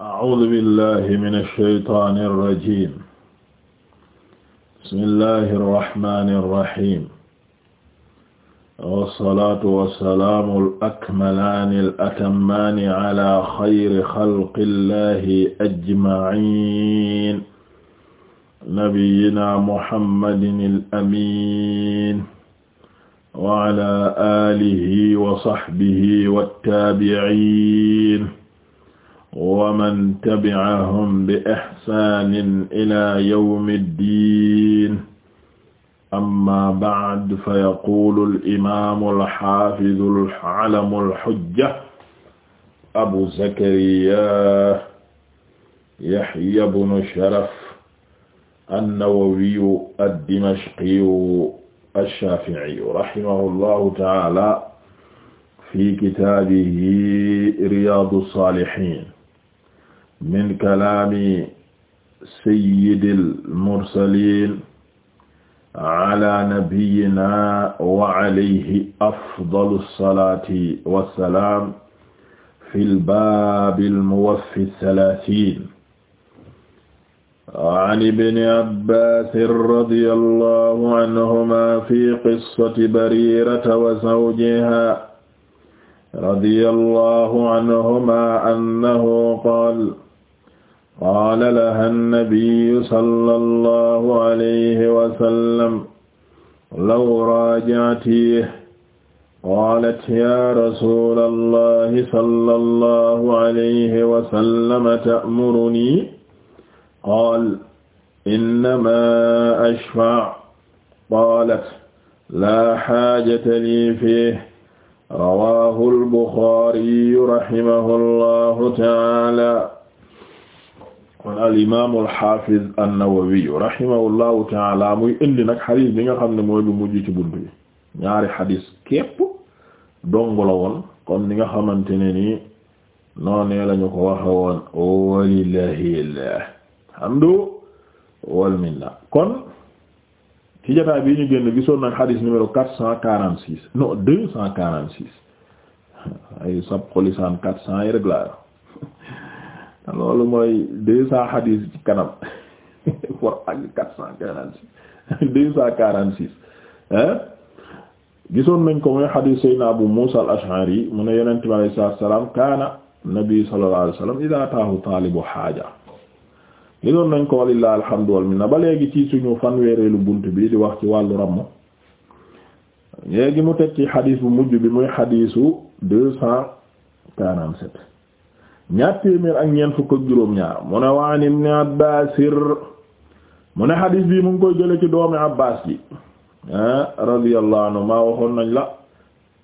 أعوذ بالله من الشيطان الرجيم بسم الله الرحمن الرحيم والصلاة والسلام الأكملان الأتمان على خير خلق الله أجمعين نبينا محمد الأمين وعلى آله وصحبه والتابعين waman tabi'ahum bi ixsaanin ila yawmi ddiin amma ba'd fa yaquulu al-imaamu al-xaafidu al-alamu al-xujja abu zakariyaa yaxya bnu sharaf an-nawawiyu ad-dimashqiyu ash-shaafi'iyu rahimahu llahu ta'aala fi kitaabihi riyaadu saalihiin min kalaami sayyidil mursaliin ala nabiyyina wa alayhi afdalu salaati wa salaam fil baabil muwaffi salaasiin. an ibni abbaasin radiyallaahu anhumaa fi qissati bariirata wa zawjihaa radiyallaahu anhumaa annahu qaala qaala laha annabiyu sala allahu alayhi wasallam law raajactii qaalat ya rasula allahi sala allahu alayhi wasallama ta'murunii qaala innamaa ashfacu qaalat laa xaajata lii fiihi rawaahu al-buxaariyu rahimahu allahu taala kon al imaamu alxaafiz annawawiyu rahimahullahu taala muy indi nag xadiis bi nga xam ne mooy bu mujj ci bunt bi ñaari xadiis képp dong la woon comme ni nga xamante ne nii noonee lañu ko waxe woon walillahil hamdu wal kon ci jotaay bi ñu génn gisoon nag xadiis numéro quatre cent quarante six non deux cent quarante six ay sab xolisaan quatre cent yi rek laa loolu mooy deux cent hadis ci kanam gisoon nañ ko mooy hadis sayna Abu Musa al-Ash'ari mu ne yonent mu alayhi salaatu wa salaam kaana nabi sallallahu alayhi wa sallam idaa ataahu taalibu haaja gisoon nañ ko walillahi alhamdu wal minna ba léegi ci suñu fanweereelu bunt bi di wax ci wàllu ramm léegi mu teg ci hadis bu mujj bi muy hadisu ñaar téeméer ak ñeent fukk ak juróom-ñaar mu ne waan ibn abbaasir mu ne xadiis bi mu ngi koy ci doomi abbaas bi ah, radiyallahu anhu maa waxoon nañ la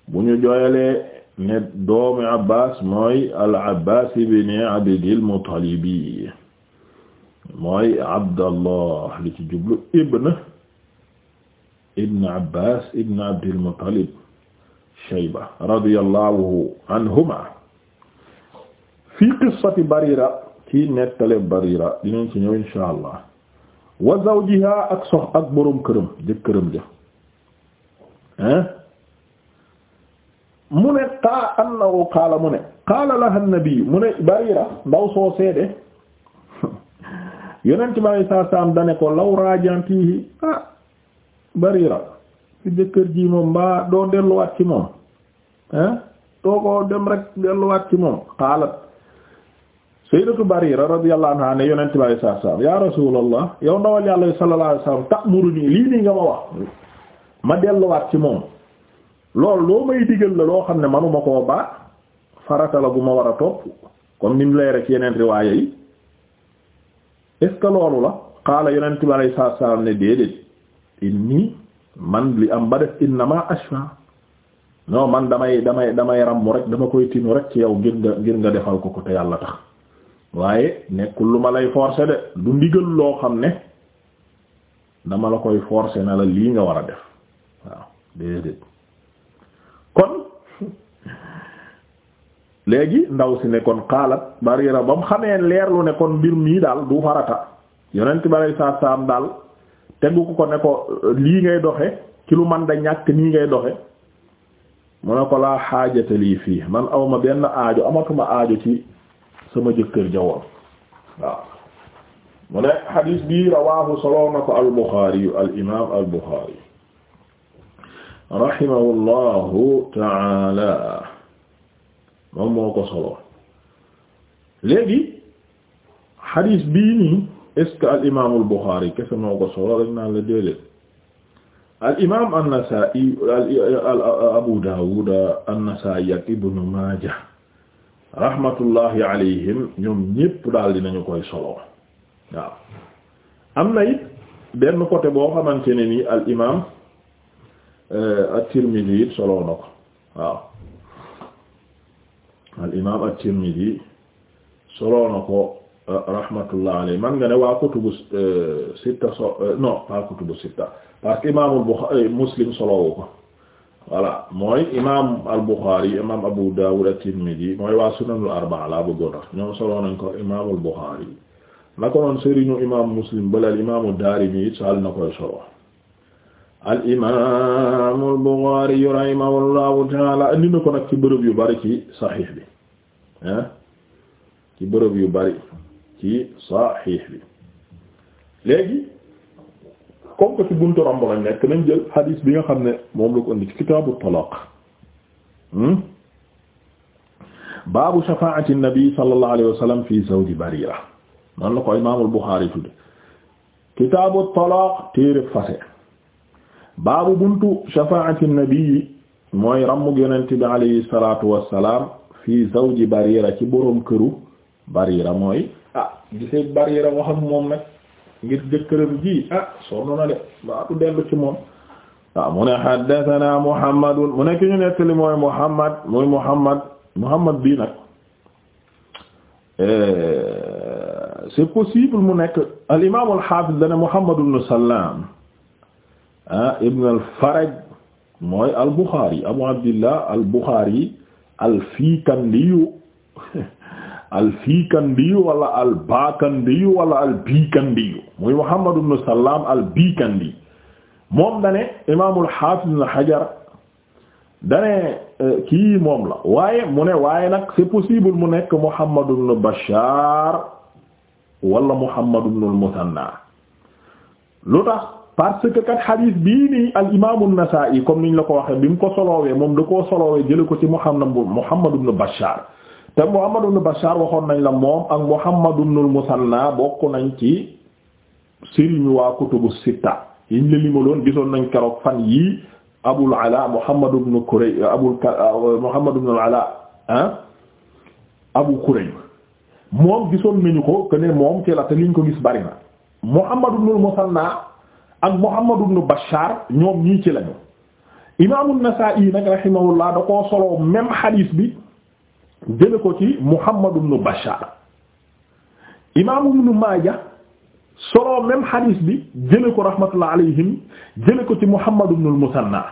bu ñu jooyalee ne doomi abbaas mooy al abbaas ibn abdil muttalibi mooy abdallah li ci jublu ibn ibn abbaas ibn abdil muttalib shayba radiyallahu fii qissati barira ci nettale barira dinañ ci ñëw insha allah wa zawjiha ak sox ak boroom këram jëkkëram ja mu ne taa annahu qaala mu ne qaala laha an-nabi mu ne barira ndaw soo seede yonent bi saa saam dane ko law raajantihi ah barira si jëkkër ji moom mbaa doo delluwaat ci moom doo ko dem rek delluwaat ci moom qaalat sayyidatu Barira radiyallahu anha ne yonent bi sallallahu alayhi wasallam ya rasulallah yow ndawal yàlla sallallahu alayhi wasallam ta'muruni lii nii nga ma wax ma delluwaat ci moom loolu loo may digal la loo xam ne manuma koo ba farata bu ma war a topp kon ni mu leere ci yeneen riwaaya yi est loolu la qaala yonent bi sallallahu alayhi wasallam ne déedéet inni man li am ba def innama ashfa non man damay damay damay ràmmu rek dama koy tinu rek ci yow ngir nga ngir nga defal ko ko yàlla waaye nekkul lu ma lay forcer de du ndigal loo xam ne dama la koy forcer na la lii nga war a def waaw déedéet kon léegi ndaw si ne kon xaalat barira ba mu xamee leerlu ne kon mbir mii daal du farata yonent ba lay saa saam daal tegu ko ko ne ko lii ngay doxe ci lu man da ñàkk nii ngay doxe mu ne ko laa lii fii man awma benn aajo amatuma aajo ci sama jëkkër jawoon waaw mu ne xadiis bi rawaahu soloo na ko al-Buxaari al imaam al-Buxaari rahimahullahu taala moom moo ko soloo léegi xadiis bii nii est-ce que al imaam al-Buxaari kese moo ko soloo dañ naan la déedéet al imaam an-Nasaa'i al Abu Daawuda an-Nasaa'i ak Ibnu Maaja rahmatullahi alayhim ñoom ñépp daal dinañu koy solo waaw am na it benn côté boo xamante ne ni al imaam euh, at-Tirmidhi it solo na ko waaw al imaam at-Tirmidhi solo ko euh, rahmatullah alayhi man nga ne waa kutubu euh, sitta so non waa kutubu sitta parce imaamul Bukhari Muslim solowu ko. voilà mooy imaam al-Bukhari imaam Abu Dawud at-Tirmidhi mooy waa sunanul arba'a laa bëggoon tax ñoom solo nañ ko imaam al-Bukhari na ko noon sëriñu imaam Muslim al-imaam ad-Daarimi it saal na koy ta'ala andi na ko nag ci bërëb yu bari ci saxiix bi ah ci bërëb yu bari ci saxiix bi léegi. comme que ci buntu romb lañ nekk nañ jël hadith bi nga xam ne moom la ko indi ci kitaabu talaaq hmm? baabu shafaa'ati nabi sallallahu alayhi wa fi zawji barira man la ko imaamul Buxaari tudde kitaabu talaaq téere fase baabu buntu shafaa'ati nabi mooy rammu yonent bi alayhi salaatu wa salaam fi zawji barira ci boroom këru barira mooy ah gisee barira wax ak moom nag ngir jëkkëram ji ah sonn na de baatu dellu ci moom waaw mu ne haddathana muhammadun mu ne ki ñu nettali mooy muhammad muhammad muhammad bii nag eh, c'est possible mu nekk al imam muhammad ibn sallam ah ibn mooy al abu abdillah al bukhari al fiikandiyu wala al baakandiyu wala al biikandiyu muy Muhammad ibn Sallaam al biikandi moom dane imaamul Haafiz ibn Hajar dane eh, kii moom la waaye mu ne waaye nag c'est possible mu nekk Muhammad ibn Bashaar wala Muhammad ibn al-Muthanna lu tax parce que kat hadith bii nii al imaamu Nasaa'i comme niñ la ko waxee bi ko solowee moom da koo solowee jële ko ci Muhammad Muhammad ibn Bashaar te Muhammad ibn Bashar waxoon nañ la moom ak Muhammad ibn al-Musanna bokk nañ ci sëriñu waa kutubu sitta yiñ la limaloon gisoon nañ keroog fan yii Abul Ala Muhammad ibn Kurayb Abul euh, Muhammad ibn al-Ala ah Abu Kurayb moom gisoon nañu ko que ne moom ci la te liñ ko gis bari na Muhammad ibn al-Musanna ak Muhammad ibn Bashar ñoom ñii ci lañu Imaamu Nasaa'i nag rahimahullah da koo solo même hadith bi. jële ko ci Muhammad ibn Bashar imaamu ibn Maaja solo même bi jële ko rahmatullah alayhim jële ko ci Muhammad ibn al-Musanna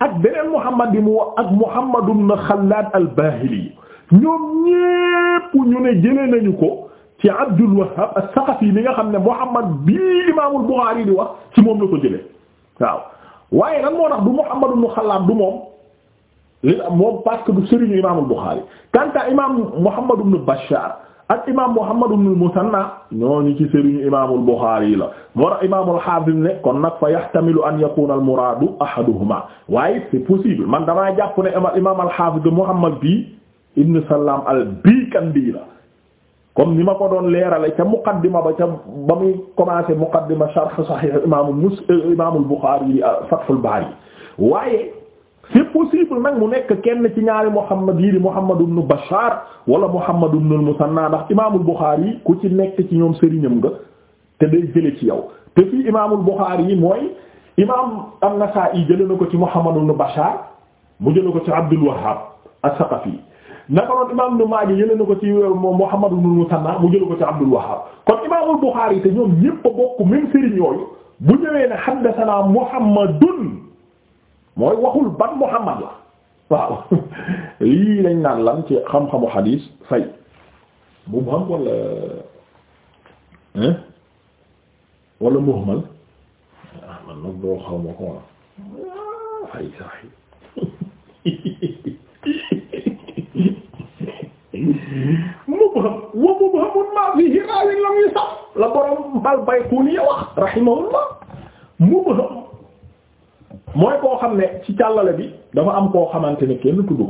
ak beneen Muhammad bi mu ak Muhammad ibn Xallaad al-Baahili ñoom ñépp ñu ne jële nañu ko ci Abdul Wahhab as-Saqafi nga xam ne Muhammad bii imaamul Buxaari di wax ci moom la ko jële waaw waaye lan moo tax du Muhammad ibn Xallaad du moom li moom parce que du sëriñu imaamul Buxaari kanta imaam Muhammad ibn Bashar ak imaam Muhammad ibn al-Musanna ñooñu ci sëriñu imaamul Buxaari yi la moo tax imaamul Haafiz ne kon nag fa yahtamilu an yakuna al-muraadu ahaduhuma waaye c'est possible man damaa jàpp ne imaam al-Haafiz Muhammad bi ibn Sallaam al-Bikandi la comme ma ko doon leerale ca muqaddima ba ca ba muy commencé muqaddima sharh Sahih imaamul Muslim imaamul Baari waaye c'est possible nag mu nekk kenn ci ñaari Muhammad yi di Muhammad ibn Bashar wala Muhammad ibn al-Musanna ndax imaamul Bukhari yi ku ci nekk ci ñoom sëriñam nga te day jële ci yow te fii imaamul Bukhari yi mooy imaam an-Nasa'i jële na ko ci Muhammad ibn Bashar mu jële ko ci Abdul Wahhab as-Saqafi naka noonu imaam Ibn Maaja jële na ko ci Muhammad ibn al-Musanna mu jële ko ci Abdul Wahhab kon imaamul Bukhari yi te ñoom ñépp a bokk même sëriñ yooyu bu ñëwee ne haddathana Muhammadun mooy waxul ban Muhammad la waaw lii lañ naan lan ci xam-xamu xadiis fay mu wala hein wala muhmal ah, man nag doo xaw ma ko ah sax mubham wa mubhamun ma fihi raawin lam yusam la borom al Bayquni wax rahimahullah mubham mooy koo xam ne ci càllale bi dafa am koo xamante ni kenn tudd ko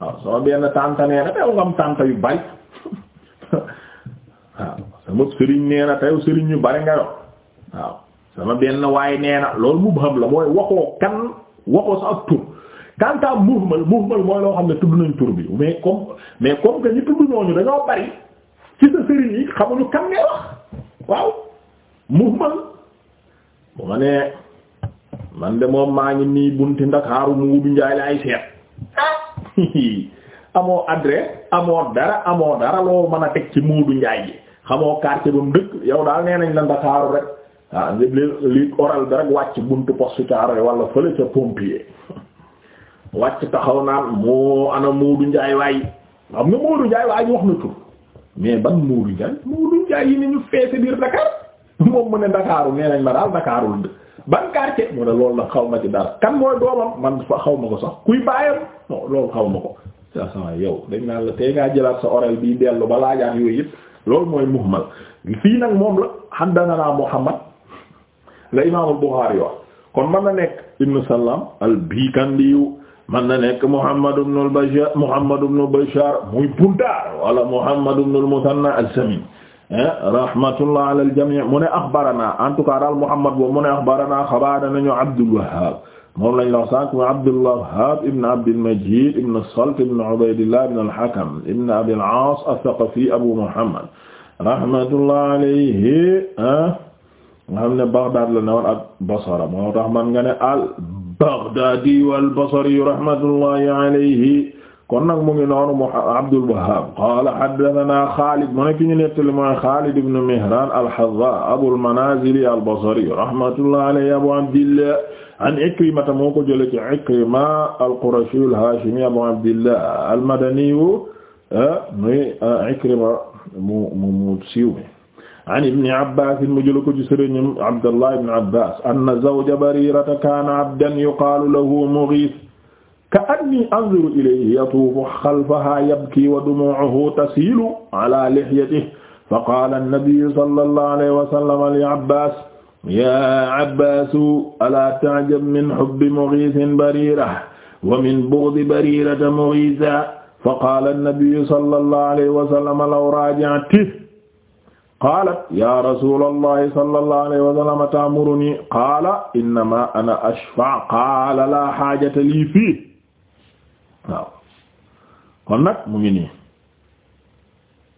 waaw sama benn tànta nee na am tànta yu bari waaw sama sëriñ nee na teew sëriñ yu bari nga yor waaw sama benn waaye nee na loolu mubham la mooy waxoo kan waxoo sa ak tur kantaam muhmal muhmal mooy loo xam ne tudd nañ tur bi mais comme mais comme que ñu tudd noonu dañoo bari ci sa sëriñ yi xamuñu kan ngay wax waaw muhmal bu ma nee man de moom maa ngi nii bunti ndakaaru Muudu Njaay laay seet ah. amoo adresse amoo dara amoo dara loo mën a teg ci Muudu Njaay ji xamoo quartier ba mu dëkk yow daal nee nañ la ndakaaru rek ah li li oral bi rek wàcc buntu poste carré wala fële ca pompier wàcc taxaw naan moo ana Muudu Njaay waay xam nga Muudu Njaay waay wax na tur mais ban Muudu Njaay Muudu Njaay yi ni ñu feese biir Dakar moom mu ne ndakaaru nee nañ ma daal Dakarul dëkk ban quartier mu ne loolu nag xaw ma ci daal kan mooy doomam man fa xaw ma ko sax kuy bàyyam non loolu ma ko sa sama yow dañ naan la tey ngaa jëlaat sa orel bii dellu ba laajaan yooyu yëpp loolu mooy fii nag moom la haddathana Muhammad la imaam al-Bukhari wax kon mën na nekk ibnu Salam al-Bikandiyu mën na nekk Muhammad ibn al-Bashar Muhammad ibn Bashar muy Bundar wala Muhammad ibn al-Muthanna al-Samin Eh, rahmatullah ala al-jami' mu ne axbarana en tout cas daal Muhammad boobu mu ne axbarana xabaar nañu Abdul Wahhab moom lañ la wax sànq Abdul Wahhab ibn Abdil Majid ibn Salt ibn Ubaydillah ibn al-Hakam ibn Abi al-Aas ath-Thaqafi Abu Muhammad rahmatullah alayhi eh? nga xam ne Baghdad la newoon ak Basra moo tax man nga ne al-Baghdadi wal-Basri rahmatullahi alayhi kon nag mu ngi noonu mu Abdul Wahhab qaala haddathanaa Xaalid mu nekk ñu nettali mooy Xaalid ibn Mihraan al-Hazzaa Abul Manaazil al-Basri rahmatullahi alayhi Abu Abdillah an Ikrimata moo ko jëlee ci Ikrima al-Qurashi al-Haashimi Abu Abdillah al-Madani eh, muy eh, Ikrima mu mu mu siiw mi an ibni Abbaas mu jëlee ko ci sëriñam Abdullah ibn Abbaas anna zawja Bariirata kaana abdan yuqaalu lahu Mughiith ka anni anzuru ilayhi yatuufu xalfahaa yabkii wa dumuu'uhu tasiilu alaa lihyatihi fa qaala annabiyyu sallallahu alayhi wa sallam li Abbaas yaa Abbaasu alaa ta'jab min hubbi Mughiithin Bariira wa min bughdi Bariirata Mughiithan fa qaala annabiyyu sallallahu alayhi wa sallam law raaja'tihi qaalat yaa rasuulallahi sallallahu alayhi wa sallam ta'murunii qaala innamaa ana ashfa' qaala laa haajata lii fiihi waaw kon nag mu ngi nii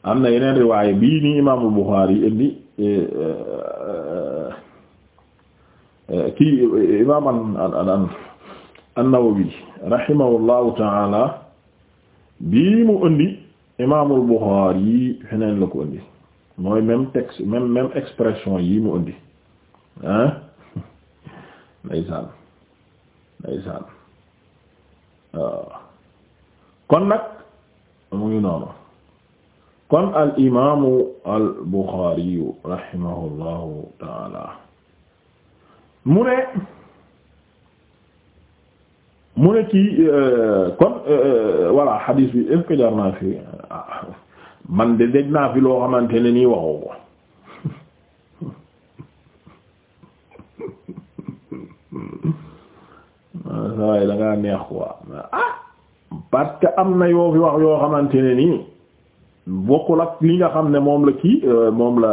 am na yeneen riwaaye bii nii imaamul Buxaari indi eh, eh, eh, kii imaam an an an-Nawawi rahimahullahu taala bii mu indi imaamul Buxaari feneen la ko indi mooy même texte même même expression yii mu indi ah ndeysaan ndeysaan waaw kon nag mu ngi noonu kon al imaamu al Buxaari rahimahullahu taala mu ne mu ne ci euh, kon euh, voilà xadiis bi est-ce naa fi ah, man de naa fi loo xamante ne nii waxoo ko ah, waaye da parce que am na yoo fi wax yoo xamante ne nii bokkul ak li nga xam ne moom la kii moom la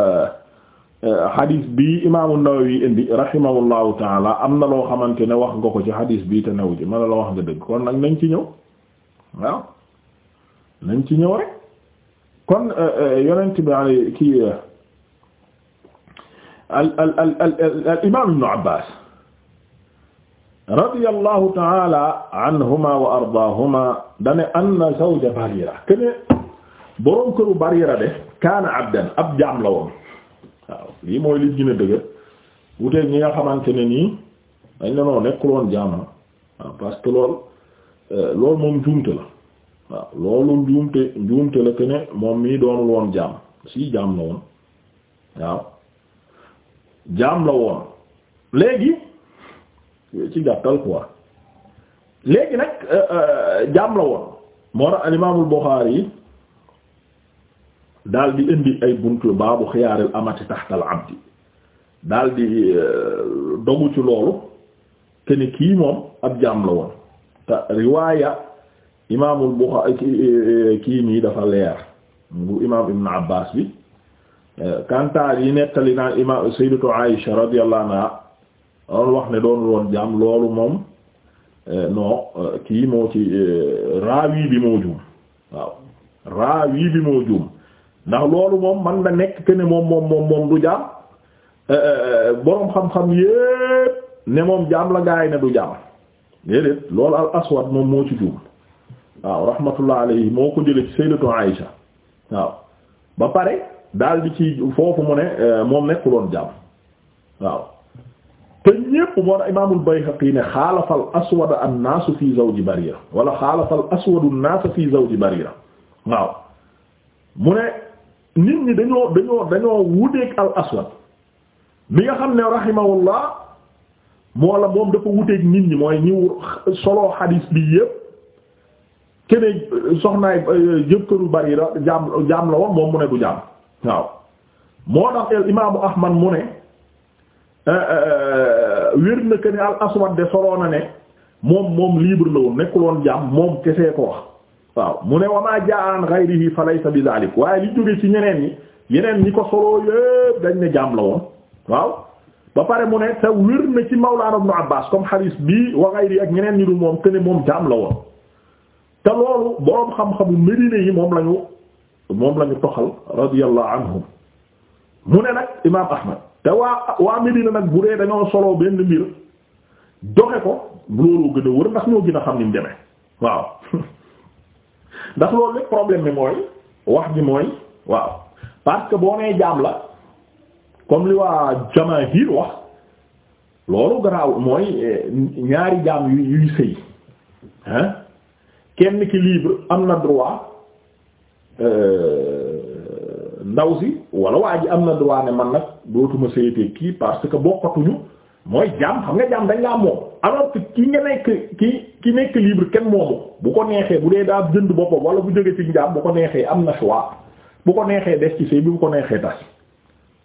hadith bi imaamu An-Nawawi indi rahimahullahu taala am na loo xamante ne wax nga ko ci hadith bi te new ji ma la wax nga dëgg kon nag nañ ci ñëw waaw nañ ci ñëw rek kon yonent bi kii al al al al imaam Ibn Abbaas radiyallahu taala anhuma wa ardaahuma dane anna zawja barira kene boroom këru barira de kaana abdan ab jaam la woon waaw lii mooy li gën a dëgër wuteeg ñi nga xamante ne nii dañ la nekkul woon jaama waaw parce que euh, lool moom njuumte la waaw loolu njuumte njuumte la kene moom mii doonul woon jaam si jaam la woon waaw jaam la woon léegi ci gàttal quoi léegi nag euh, euh, jaam la woon moo tax alimaamul Buxaari yi daal di indi ay buntu baabu xiyaaril amati taxtal abdi daal di euh, dogu ci loolu te ni kii moom ab jaam la woon riwaaya imaamul Buxaari kii nii dafa leer bu imaam Ibn Abbas bi kantaar yi nettali naan imaam sayyidatu Aisha radiyallahu anha loolu wax ne doon woon jaam loolu moom eh, non eh, kii moo ci eh, raawi bi moo juum waaw raawi bi moo juum ndax loolu moom man na nekk que moom moom moom moom du jaam boroom xam-xam yépp ne moom jaam la gaay ne du jaam déedéet loolu al aswad moom moo ci juum waaw rahmatullah alayhi moo ko jële ci sayyidatu Aisha waaw ba pare daal di ci foofu mu ne moom nekkuloon jaam waaw te ñépp moo na imaamul Bayhaqi ne xaalafal aswad an-naas fi zawji Barira wala xaalafal aswadu an-naas fi zawji Barira waaw mu ne nit ñi dañoo dañoo dañoo wuteeg al aswad mi nga xam ne rahimahullah moo la moom dafa wuteeg nit ñi mooy ñi solo xadiis bi yépp keneen soxnaay jëkkëru Barira jaam jaam la woon moom mu ne du jaam waaw moo tax imaamu Ahmad mu ne. Euh, euh, euh, wér na que ne al aswad de soloo na ne moom moom libre la woon nekkuloon jaam moom kesee ko wax waaw mu ne wamaa jaa an fa laysa bi dhalik waaye li jóge ci ñeneen yi yeneen ñi ko soloo yépp dañ ne jaam la woon waaw ba pare mu ne te wér na ci mawlaana ibnu Abbaas comme xadiis bii wa ghayri ak ñeneen ñi du moom te ne moom jaam la woon te loolu boroom xam-xamu Medina yi moom lañu moom lañu toxal radiyallahu mu ne nag imaam Ahmad te waa waa Medina nag bu dee dañoo solo benn mbir doxe ko looloo gën a wër ndax ñoo gën a xam ni mu waaw ndax loolu lépp problème bi mooy wax ji mooy waaw parce que boo nee jaam la comme li waa jamaahir wax loolu garaaw mooy eh, ñaari jaam yu yuy sëy hein kenn ki libre am na droit euh, ndaw si wala waa ji am na droit ne man nag. dootuma séyatee kii parce que bokkatuñu mooy jaam xam nga jaam dañ laa moom alors que ki nga nekk ki ki nekk libre kenn moomu bu ko neexee bu dee daa jënd boppam wala bu jógee ci njaam bu ko neexee am na choix bu ko neexee des ci sëy bi bu ko neexee tas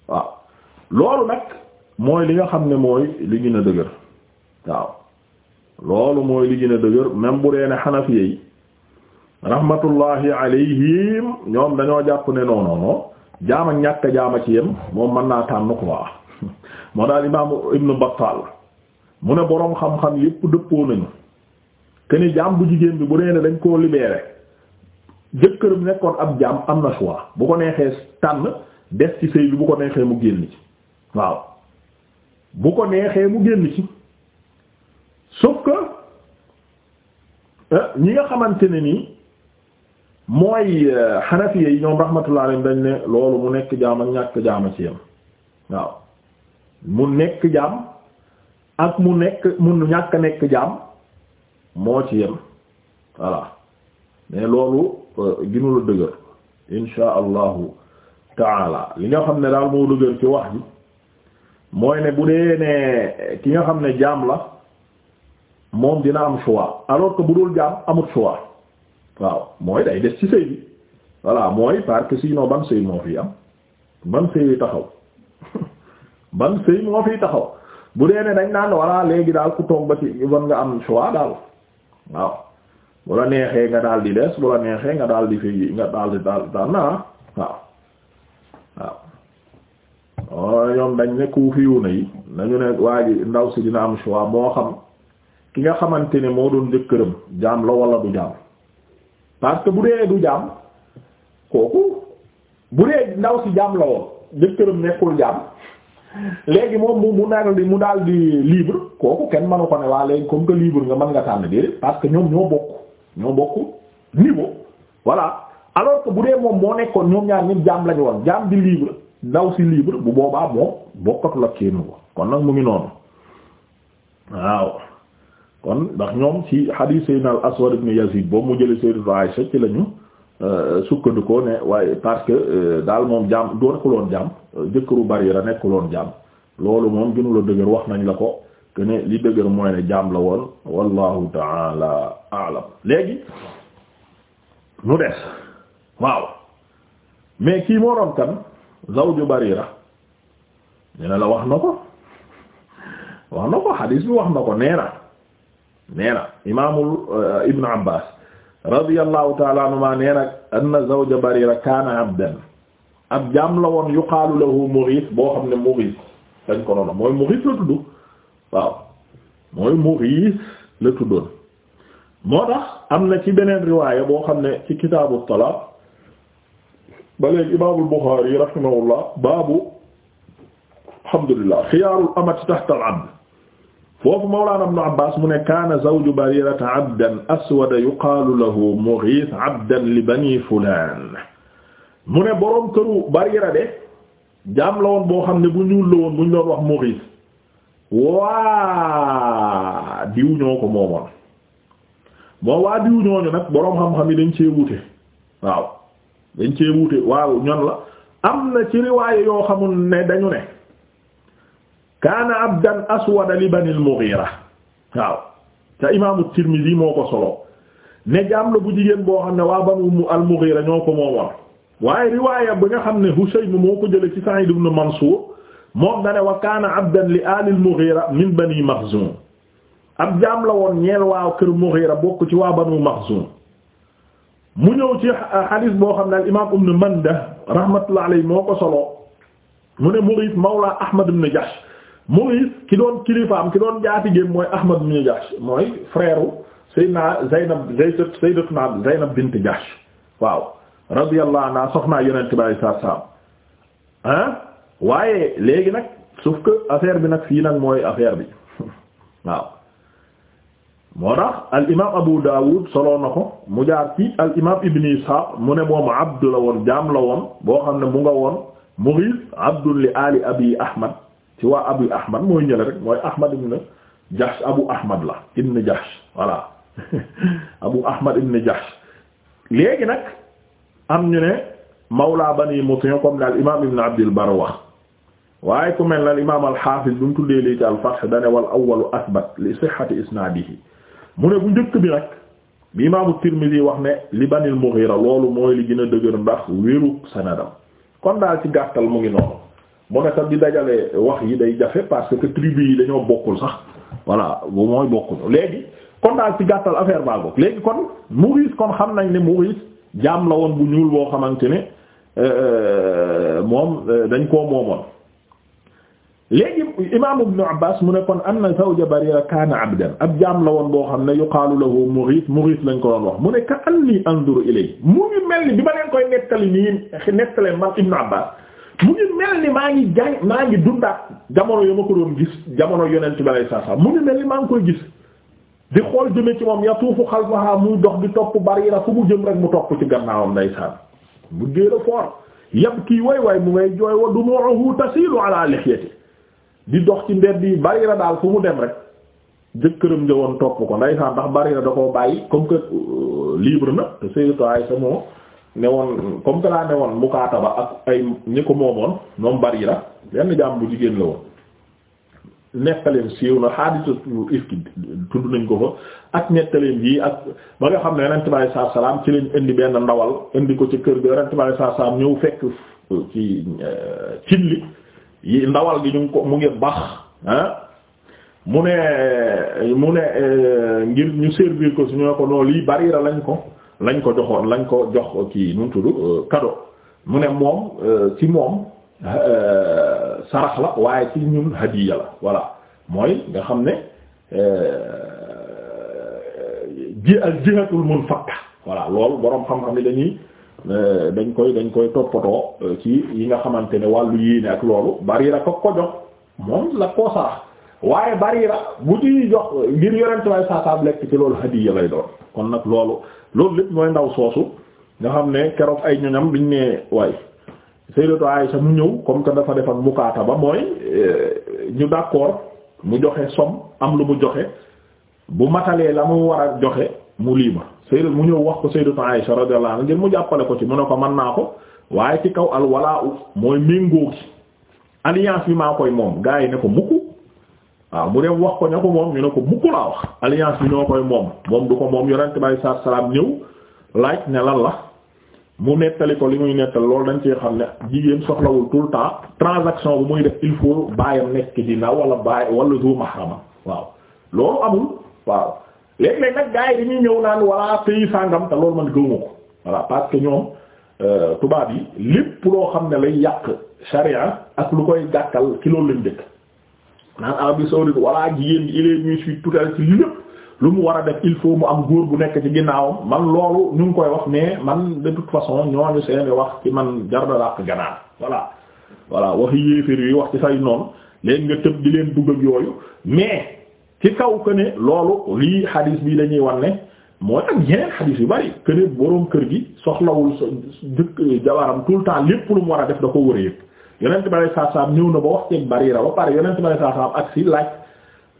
waaw loolu nag mooy li nga xam ne mooy li gën a dëgër waaw loolu mooy li gën a dëgër même bu dee ne Hanafi yi rahmatullahi alayhim ñoom dañoo jàpp ne non jaama ñàkk a jaama ci yem moom mën naa tànn quoi moo daal imaam Ibn Battal mu ne boroom xam-xam yépp dëppoo nañu que jaam bu jigéen bi bu nee ne dañ koo libéré jëkkëram nekkoon ab jaam am na choix bu ko neexee tànn des ci sëy bi bu ko neexee mu génn ci waaw bu ko neexee mu génn ci sauf que eh, ñi nga xamante ne nii. mooy xanafiya euh, yi ñoom rahmatullah alayhim dañ ne loolu mu nekk jaam ak ñàkk jaama ci yam waaw mu nekk jaam ak mu nekk mu ñàkk nekk jaam moo ci yem voilà mais loolu euh, ginula dëgër insha allahu taala li nga xam ne daal moo dëgër ci wax ji mooy ne bu dee ne ki nga xam ne jaam la moom dina am choix alors que bu dul jaam amut choix waaw mooy day des ci sëy bi voilà mooy parce que sinon ban sëy moo fi am ban sëy taxaw ban sëy moo fi taxaw bu dee ne dañ naan voilà léegi daal ku toog ba ci ban nga am choix daal waaw bu la neexee nga daal di des bu la neexee nga daal di fi nga daal di daal daal naa waaw waaw oh, ñoom dañ ne ku fiwu na yi nañu ne waa ndaw si dina am choix moo xam ki nga xamante ne moo doon jëkkëram jaam la wala du jaam parce que bu dee du jaam kooku bu dee ndaw si jaam la woon jëkkëram nekkul jaam léegi moom mu mu naan di mu daal di libre kooku kenn manu ko ne waa léegi comme que libre nga mën nga tànn déedéet parce que ñoom ñoo bokk ñoo bokk niveau voilà alors que bu dee moom moo nekkoon ñoom ñaar ñëpp jaam lañu woon jaam di libre ndaw si libre bu boobaa moom bokkatu la kenn ko kon nag mu ngi noonu waaw kon ndax ñoom ci hadith sayyidina al aswad ibn yazid boobu mu jële sayyidatu Aisha ci lañu euh, sukkandikoo ne waaye parce que euh, daal moom jaam doo nekkuloon jaam jëkkëru Barira nekkuloon jaam loolu moom gënu la dëgër wax nañ la ko que ne li dëgër mooy ne jaam la woon wallahu taala alam léegi nu des waaw mais kii moo doon zawju Barira ñu ne la wax na ko wax na ko hadith bi wax na ko nee na nee na imaamul uh, Ibn Abbas radiyallahu taala anhuma nee na anna zawja Barira kaana abdan ab jaam la woon yuqaalu lahu Mughis boo xam ne Mughis dañ ko noonu mooy Mughis la tudd waaw mooy Mughis la tuddoon moo tax am na ci beneen riwaaya boo xam ne ci kitaabu talaaq ba léegi imaamul Buxaari rahimahullah baabu alhamdulillah xiyaarul amati tahta al abd foofu mawlaana ibnu Abbaas mu ne kaana zawju Bariirata abdan aswada yuqaalu lahu Mughiith abdan li bani fulaan mu ne boroom këru Bariira de jaam la woon boo xam ne bu ñuul la woon bu ñu doon wax Mughiith waa diw ñoo ko moomoon moom waa diw ñooñu nag boroom xam-xam yi dañ cee wuute waaw dañ cee wuute waaw ñoon la am na ci riwaaye yoo xamul ne dañu ne kaana abdan aswada li bani al-Mughira waaw te imaamu Tirmidhi moo ko solo ne jaam la bu jigéen boo xam ne waa banu al-Mughira ñoo ko moo war waaye riwaaya bi nga xam ne Husaym moo ko jële ci Sa'id ibn Mansur moom dane wa kaana abdan li ali al-Mughira min bani Makhzum ab jaam la woon ñeel waa kër Mughira bokk ci waa banu Makhzum mu ñëw ci hadith boo xam ne al imaam ibn Manda rahmatullah alayhi moo ko solo mu ne Mughith mawla Ahmad ibn Jahsh Mughis ki doon kilifaam ki doon jaatigéem mooy Ahmad ibn Jahsh mooy frère Sayyidina Zaynab Sayyidatuna Zaynab bint Jahsh waaw radiyallahu anha soxnaa Yonent bi alayhi salaam ah waaye léegi nag sauf que affaire bi nag fii nag mooy affaire bi waaw moo tax al imaam Abu Dawud soloo na ko mu jaar ci al imaam Ibn Ishaq mu ne moom Abdu la woon jaam la woon boo xam ne mu nga woon Mughis abdul li ali abi Ahmad ci waa abu ahmad mooy ñële rek mooy ahmad ibn jahsh abu ahmad la ibn jahsh voilà abu ahmad ibn jahsh léegi nag am ñu ne mawla bani mutin comme daal imam ibn abdil bar wax waaye ku mel na al imam al hafiz bu mu tuddee lii ci al fath dane wal awwalu athbat li sihhati isnadihi mu ne bu njëkk bi nag bi imaamu tirmidhi wax ne li banil mughira loolu mooy li gën a dëgër ndax wéru sanadam kon daal ci gàttal mu ngi noonu mu ne tam di dajale wax yi day jafe parce que tribu yi dañoo bokkul sax voilà bu mooy bokkuñu léegi kon daal ci gàttal affaire baal bokk léegi kon Mughis kon xam nañ ne Mughis jaam la woon bu ñuul boo xamante ne euh, euh, moom euh, dañ koo moomoon léegi imam ibnu abbas mu ne kon anna zawja barira kaana abdan ab jaam la woon boo xam ne yuqaalu lahu mughith mughith lañ ko doon wax mu ne ka anni anzuru ilay mu ngi mel ni bi ma leen koy nettali nii nettaleen man ibnu abbas mu ngi mel ni maa ngi jaay maa ngi dundaat jamono yo ma ko doon gis jamono yonent bi alayhi salaam mu ngi mel ni maa ngi koy gis di xool jëme ci moom yatuufu xalfaha muy dox di topp Barira fu mu jëm rek mu topp ci gannaawam ndeysaan mu géer a foor yab kii way way mu ngay jooy wa dumu'uhu tasiilu di dox ci mbedd yi Barira daal fu mu dem rek jëkkëram ja woon topp ko ndeysaan ndax Barira da koo bàyyi comme que euh, libre na te Sayyidatu Aisha moo ne woon comme que laa ne woon mukaataba ak ay ñi ko moomoon ñoom bari la benn jaam bu jigéen la woon nettaleem siiw na xaadisatu ifki tudd nañ ko fa ak nettaleem yi ak ba nga xam ne yonent bi alayhi salaam ci lañ indi benn ndawal indi ko ci kër ga yonent bi saa salaatu salaam ñëw fekk euh, ci euh, cin li yi ndawal gi ñu ngi ko mu ngi bax ah mu ne mu ne euh, ngir ñu servir ko su ñu ko noonu lii bariira lañ ko lañ ko joxoon lañ ko jox kii nu mu tudd euh, cadeau mu ne moom euh, ci moom euh, sarax la waaye ci ñun hadiya la voilà mooy nga xam ne ji al jihatul munfakka voilà loolu boroom xam-xam ni dañuy dañ koy dañ koy toppatoo ci yi nga xamante ne wàllu yéene ak loolu bari la ko ko jox moom la koo sarax waaye bariira bu ci jox ngir yonent waaye saasaam lekk ci loolu hadiya lay doon kon nag loolu loolu lépp mooy ndaw soosu nga xam ne keroog ay ñoñam biñ ne waay Sayyidatu Aisha mu ñëw comme que dafa defal mukaata ba mooy eh, ñu d'accord mu joxe som am lu mu joxe bu matalee la mu war a joxe mu lii ma Sayyidatu mu ñëw wax ko Sayyidatu Aisha radiyallahu anha ngir mu jàppale ko ci mu ne ko mën naa ko waaye ci kaw al walaa mooy méngoo gi alliance bi maa koy moom gaa yi ne ko mukk waaw mu dem wax ko ña ko moom ñu ne ko mukk laa wax alliance bi ñoo koy moom moom du ko moom yonent bay saar salaam ñëw laaj ne lan la mu nettali ko li muy nettal loolu dañ ci xam ne jigéen soxlawul tout le temps transaction bu muy def il faut baayam nekk dina wala baay wala du mahrama waaw loolu amul waaw léeg-léeg nag gars yi dañuy ñëw naan wala pays sàngam te loolu man gëwuma ko voilà parce ñoom euh, tubaab yi lépp loo xam ne lay yàq sharia ak lu koy gàkkal ci loolu lañ dëkk naan Arabie ah saoudite walla jigéen gi il est ñuy suite tutelle ci lépp lu mu war a def il faut mu am góor bu nekk ci ginnaawam man loolu ñu ngi koy wax mais man de toute façon ñooñu seeni wax ci man jar na làq ganaar voilà voilà waxi yéeféer yi wax ci say noon leen nga tëb di leen dugg ak yooyu mais ci kaw que ne loolu lii xadis bi dañuy wax ne mooy ak yeneen xadis yu bari que ne boroom kër gi soxlawul sa jëkk jabaram tout le temps lépp lu mu war a def da ko wër yëpp yonent bi alayhi salaam ñëw na ba wax ceeb Barira ba pare yonent bi alayhi salaam ak si laaj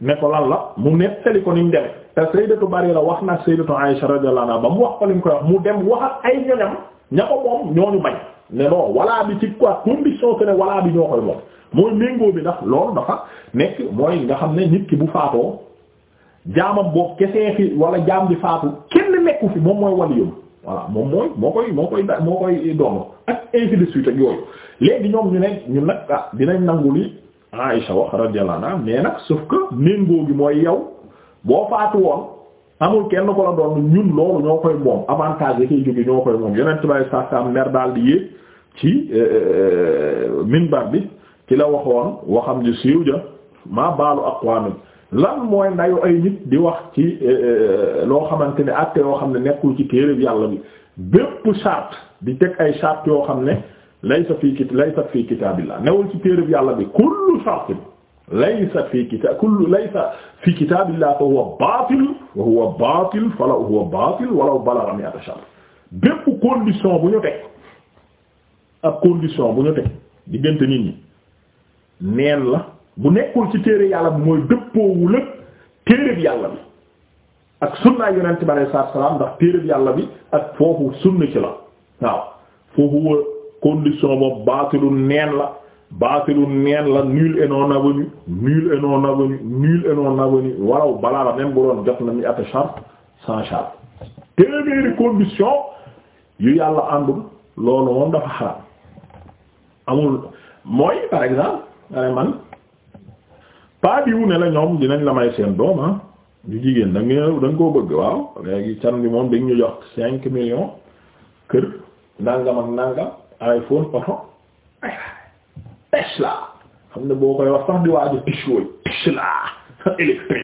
ne ko lan la mu nettali ko ni mu demee te Sayyidatu Barira wax na Sayyidatu Aisha radiyallahu anha ba mu wax ko li mu koy wax mu dem wax ak ay ñoñam ña ko moom ñooñu bañ ne non walaa bi ci quoi condition que ne walaa bi ñoo koy moom mooy méngoo bi ndax loolu dafa nekk mooy nga xam ne nit ki bu faatoo jaamam boobu kesee fi wala jaam bi faatu kenn nekku fi moom mooy waliyu waaw moom mooy moo koy moo koy moo koy doon ak ainsi de suite ak yooyu léegi ñoom ñu ne ñun nag ah dinañ nangu li Aïcha wax radiyallahu anha mais nag sauf que méngoo gi mooy yow boo faatu woon amul kenn ko la doon ñun loolu ñoo koy moom avantage yi koy jóge ñoo koy moom yonent bay sa sam mer daal di yéeg ci euh, euh, minbar bi ci la waxoon waxam ji siiw ja maa baalu aqwaamin lan mooy ndayu ay nit di wax ci eh, eh, eh, loo xamante ne àtte yoo xam ne nekkul ci téere bi yàlla bi bépp charte di teg ay charte yoo xam ne laysa fii kit laysa fii kitaabillah newul ci téere bi yàlla bi kullu charte laysa fii kita kullu laysa fii kitaabillah fa huwa baatil wa huwa baatil fala huwa baatil walaw balagha mi'ata shart bépp condition bu ñu teg ak condition bu ñu teg diggante nit ñi neen la bu nekkul ci téere yàlla bi mooy dëppoowu lépp téere bi yàlla bi ak sunnaay yonent bi alayhi salaatu salaam ndax téere bi yàlla bi ak foofu sunna ci la waaw foofu condition boobu baatilu neen la baatilu neen la nul et non avenu nul et non avenu nul et non avenu waraw balaa la même jot na mi ata charte sans charte téeméeri condition yu yàlla àndul loolu moom dafa xaraam amul mooy par exemple man paa diwu ne la ñoom dinañ la may seen doom ah ñu jigéen da nga koo bëgg waaw léegi can bi moom dañ ñu jox cinq millions kër nangam ak nangam iPhone oto ay Tesla xam ne boo koy wax sax di waaju échoué Tesla électrique